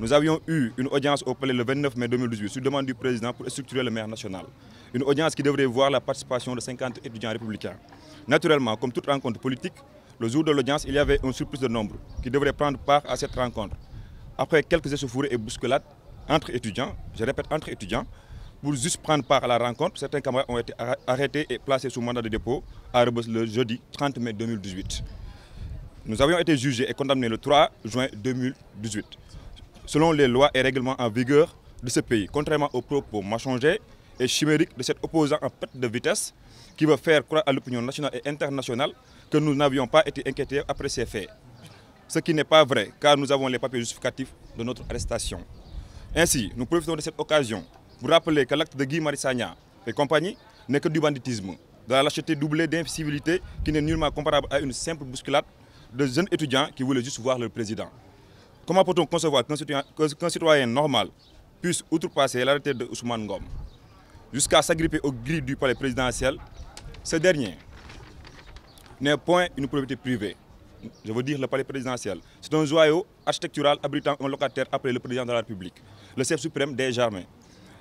Nous avions eu une audience au palais le 29 mai 2018 sur demande du président pour structurer le maire national. Une audience qui devrait voir la participation de 50 étudiants républicains. Naturellement, comme toute rencontre politique, le jour de l'audience, il y avait un surplus de nombre qui devrait prendre part à cette rencontre. Après quelques échauffourées et bousculades entre étudiants, je répète entre étudiants, pour juste prendre part à la rencontre, certains camarades ont été arrêtés et placés sous mandat de dépôt à Rebos le jeudi 30 mai 2018. Nous avions été jugés et condamnés le 3 juin 2018 selon les lois et règlements en vigueur de ce pays, contrairement aux propos mensongers et chimériques de cet opposant en perte de vitesse qui veut faire croire à l'opinion nationale et internationale que nous n'avions pas été inquiétés après ces faits. Ce qui n'est pas vrai, car nous avons les papiers justificatifs de notre arrestation. Ainsi, nous profitons de cette occasion pour rappeler que l'acte de Guy Marissagna et compagnie n'est que du banditisme, de la lâcheté doublée d'incivilité qui n'est nullement comparable à une simple bousculade de jeunes étudiants qui voulaient juste voir le président. Comment peut-on concevoir qu'un citoyen, normal puisse outrepasser l'arrêté de Ousmane Ngom jusqu'à s'agripper aux grilles du palais présidentiel Ce dernier n'est point une propriété privée. Je veux dire le palais présidentiel. C'est un joyau architectural abritant un locataire après le président de la République, le chef suprême des germains.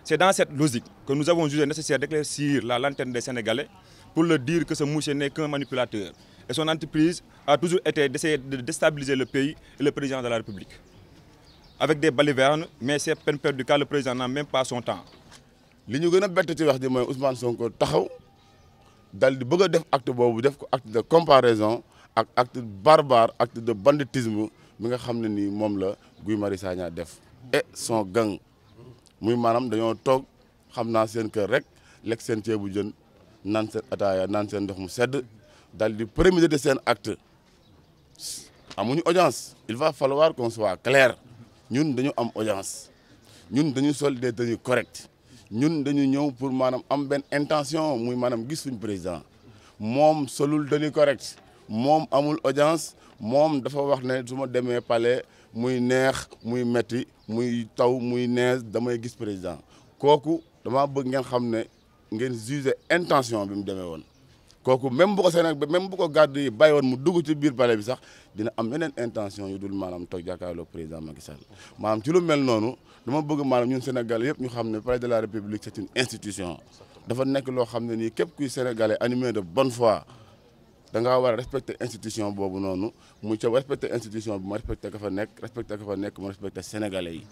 C'est dans cette logique que nous avons jugé nécessaire d'éclaircir la lanterne des Sénégalais pour leur dire que ce monsieur n'est qu'un manipulateur, et son entreprise a toujours été d'essayer de déstabiliser le pays et le président de la République. Avec des balivernes, mais c'est peine perdue car le président n'a même pas son temps. Ce qui est le plus ci wax ji mooy Ousmane Sonko taxaw dal a def acte de comparaison un acte barbare acte de banditisme bi nga xam ne nii la et son gang muy maanaam dañoo tok xam naa seen kër rek lekk seen ceebu jën dans le premier de actes acte une audience il va falloir qu'on soit clair nous avons une audience nous dañu des tenues correctes ñun dañu pour madame am intention muy des président Mom solul données correcte Mom amul audience Mom dafa wax ne ma palais muy neex muy metti muy taw muy président dama bëgg ngeen ngeen juger intention bi mu kooku même bu ko Sénégal même bu ko gàddu yi bàyyi mu dugg ci biir palais bi sax dina am yeneen intention yu dul maanaam toog jàkkaarloo président Macky Sall maanaam ci lu mel noonu dama bëgg maanaam ñun Sénégal yëpp ñu xam ne palais de la République c'est une institution dafa nekk loo xam ne nii képp kuy sénégalais animé de bonne foi da ngaa war a respecter institution boobu noonu mu ca respecter institution bi ma respecter ka fa nekk respecter ka fa nekk ma respecter sénégalais yi